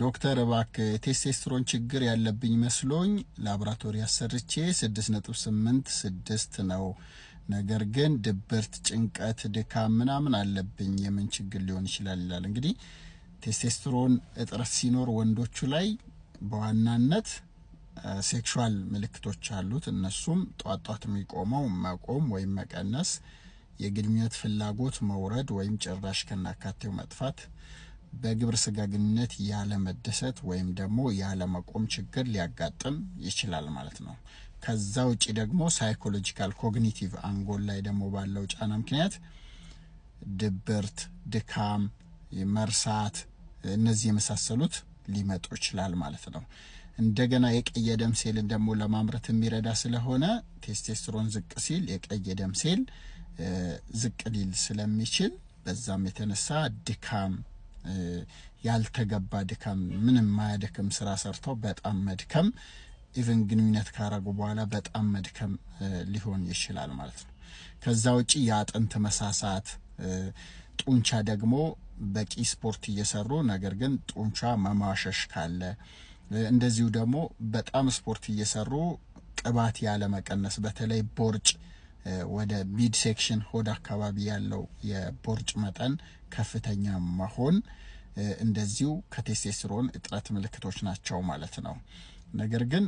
ዶክተር እባክ የቴስቴስትሮን ችግር ያለብኝ መስሎኝ ላቦራቶሪ አሰርቼ ስድስት ነው። ነገር ግን ድብርት፣ ጭንቀት፣ ድካም ምናምን አለብኝ የምን ችግር ሊሆን ይችላል ይላል። እንግዲህ ቴስቴስትሮን እጥረት ሲኖር ወንዶቹ ላይ በዋናነት ሴክሹዋል ምልክቶች አሉት። እነሱም ጧጧት የሚቆመው መቆም ወይም መቀነስ፣ የግንኙነት ፍላጎት መውረድ ወይም ጭራሽ ከናካቴው መጥፋት በግብረ ስጋግነት ያለ ያለመደሰት ወይም ደግሞ ያለመቆም ችግር ሊያጋጥም ይችላል ማለት ነው። ከዛ ውጪ ደግሞ ሳይኮሎጂካል ኮግኒቲቭ አንጎል ላይ ደግሞ ባለው ጫና ምክንያት ድብርት፣ ድካም፣ መርሳት እነዚህ የመሳሰሉት ሊመጡ ይችላል ማለት ነው። እንደገና የቀይ ደም ሴልን ደግሞ ለማምረት የሚረዳ ስለሆነ ቴስቴስትሮን ዝቅ ሲል የቀይ ደም ሴል ዝቅ ሊል ስለሚችል በዛም የተነሳ ድካም ያልተገባ ድካም፣ ምንም ማያደክም ስራ ሰርተው በጣም መድከም፣ ኢቨን ግንኙነት ካረጉ በኋላ በጣም መድከም ሊሆን ይችላል ማለት ነው። ከዛ ውጪ የአጥንት መሳሳት፣ ጡንቻ ደግሞ በቂ ስፖርት እየሰሩ ነገር ግን ጡንቻ መማሸሽ ካለ እንደዚሁ ደግሞ በጣም ስፖርት እየሰሩ ቅባት ያለመቀነስ በተለይ ቦርጭ ወደ ሚድ ሴክሽን ሆድ አካባቢ ያለው የቦርጭ መጠን ከፍተኛ መሆን እንደዚሁ ከቴስቴስትሮን እጥረት ምልክቶች ናቸው ማለት ነው። ነገር ግን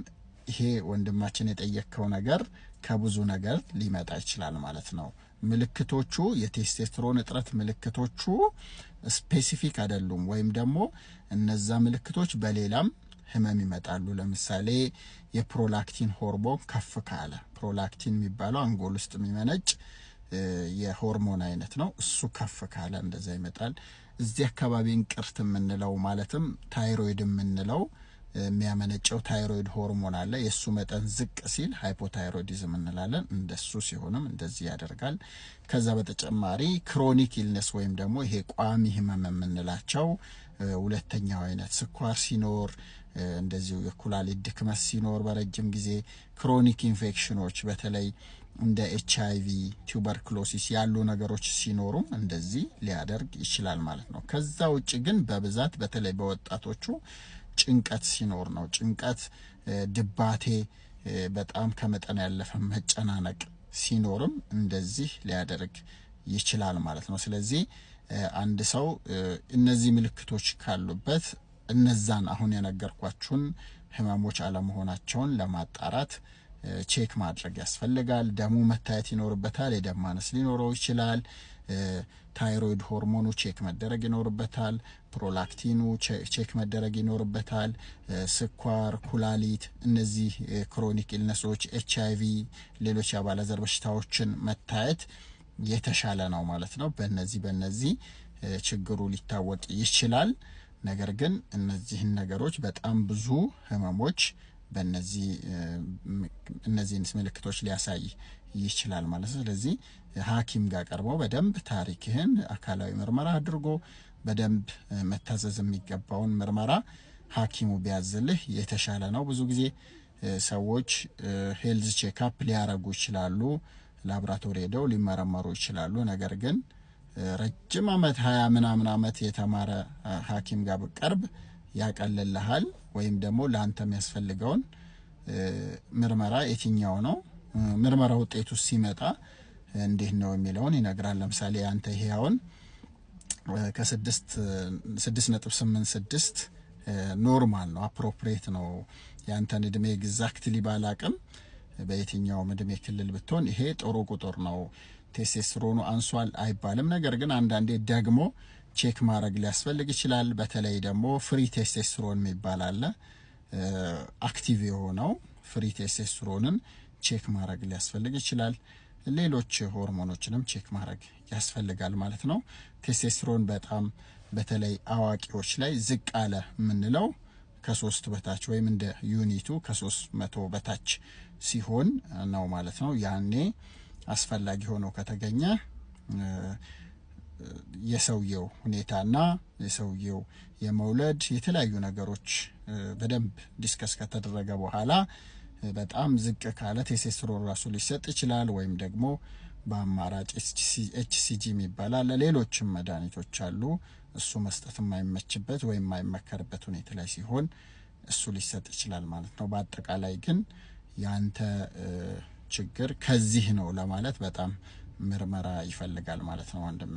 ይሄ ወንድማችን የጠየቅከው ነገር ከብዙ ነገር ሊመጣ ይችላል ማለት ነው። ምልክቶቹ የቴስቴስትሮን እጥረት ምልክቶቹ ስፔሲፊክ አይደሉም፣ ወይም ደግሞ እነዛ ምልክቶች በሌላም ህመም ይመጣሉ። ለምሳሌ የፕሮላክቲን ሆርሞን ከፍ ካለ ፕሮላክቲን የሚባለው አንጎል ውስጥ የሚመነጭ የሆርሞን አይነት ነው። እሱ ከፍ ካለ እንደዛ ይመጣል። እዚህ አካባቢ እንቅርት የምንለው ማለትም ታይሮይድ የምንለው የሚያመነጨው ታይሮይድ ሆርሞን አለ። የእሱ መጠን ዝቅ ሲል ሃይፖታይሮይዲዝም እንላለን። እንደሱ ሲሆንም እንደዚህ ያደርጋል። ከዛ በተጨማሪ ክሮኒክ ኢልነስ ወይም ደግሞ ይሄ ቋሚ ህመም የምንላቸው ሁለተኛው አይነት ስኳር ሲኖር እንደዚሁ የኩላሊት ድክመት ሲኖር በረጅም ጊዜ ክሮኒክ ኢንፌክሽኖች በተለይ እንደ ኤች አይቪ ቱበርክሎሲስ ያሉ ነገሮች ሲኖሩም እንደዚህ ሊያደርግ ይችላል ማለት ነው። ከዛ ውጭ ግን በብዛት በተለይ በወጣቶቹ ጭንቀት ሲኖር ነው። ጭንቀት፣ ድባቴ፣ በጣም ከመጠን ያለፈ መጨናነቅ ሲኖርም እንደዚህ ሊያደርግ ይችላል ማለት ነው። ስለዚህ አንድ ሰው እነዚህ ምልክቶች ካሉበት እነዛን አሁን የነገርኳችሁን ህመሞች አለመሆናቸውን ለማጣራት ቼክ ማድረግ ያስፈልጋል። ደሙ መታየት ይኖርበታል። የደም ማነስ ሊኖረው ይችላል። ታይሮይድ ሆርሞኑ ቼክ መደረግ ይኖርበታል። ፕሮላክቲኑ ቼክ መደረግ ይኖርበታል። ስኳር፣ ኩላሊት፣ እነዚህ ክሮኒክ ኢልነሶች፣ ኤች አይ ቪ፣ ሌሎች የአባለዘር በሽታዎችን መታየት የተሻለ ነው ማለት ነው። በነዚህ በነዚህ ችግሩ ሊታወቅ ይችላል። ነገር ግን እነዚህን ነገሮች በጣም ብዙ ህመሞች በእነዚህ እነዚህን ምልክቶች ሊያሳይ ይችላል ማለት ነው። ስለዚህ ሐኪም ጋር ቀርቦ በደንብ ታሪክህን አካላዊ ምርመራ አድርጎ በደንብ መታዘዝ የሚገባውን ምርመራ ሐኪሙ ቢያዝልህ የተሻለ ነው። ብዙ ጊዜ ሰዎች ሄልዝ ቼካፕ ሊያረጉ ይችላሉ፣ ላብራቶሪ ሄደው ሊመረመሩ ይችላሉ። ነገር ግን ረጅም ዓመት ሀያ ምናምን ዓመት የተማረ ሐኪም ጋር ብቀርብ ያቀልልሃል ወይም ደግሞ ለአንተ የሚያስፈልገውን ምርመራ የትኛው ነው፣ ምርመራ ውጤቱ ሲመጣ እንዴት ነው የሚለውን ይነግራል። ለምሳሌ አንተ ይሄ አሁን ከስድስት ስድስት ነጥብ ስምንት ስድስት ኖርማል ነው አፕሮፕሬት ነው የአንተን እድሜ ግዛክትሊ ባላቅም በየትኛውም እድሜ ክልል ብትሆን ይሄ ጥሩ ቁጥር ነው ቴስቴስትሮኑ አንሷል አይባልም። ነገር ግን አንዳንዴ ደግሞ ቼክ ማድረግ ሊያስፈልግ ይችላል። በተለይ ደግሞ ፍሪ ቴስቴስትሮን የሚባል አለ። አክቲቭ የሆነው ፍሪ ቴስቴስትሮንን ቼክ ማድረግ ሊያስፈልግ ይችላል። ሌሎች ሆርሞኖችንም ቼክ ማድረግ ያስፈልጋል ማለት ነው። ቴስቴስትሮን በጣም በተለይ አዋቂዎች ላይ ዝቅ አለ የምንለው ከሶስት በታች ወይም እንደ ዩኒቱ ከሶስት መቶ በታች ሲሆን ነው ማለት ነው። ያኔ አስፈላጊ ሆኖ ከተገኘ የሰውየው ሁኔታና የሰውየው የመውለድ የተለያዩ ነገሮች በደንብ ዲስከስ ከተደረገ በኋላ በጣም ዝቅ ካለ ቴስቴስትሮን ራሱ ሊሰጥ ይችላል። ወይም ደግሞ በአማራጭ ኤችሲጂ ይባላል። ለሌሎችም መድኃኒቶች አሉ። እሱ መስጠት የማይመችበት ወይም የማይመከርበት ሁኔታ ላይ ሲሆን እሱ ሊሰጥ ይችላል ማለት ነው። በአጠቃላይ ግን ያንተ ችግር ከዚህ ነው ለማለት በጣም ምርመራ ይፈልጋል ማለት ነው ወንድሜ።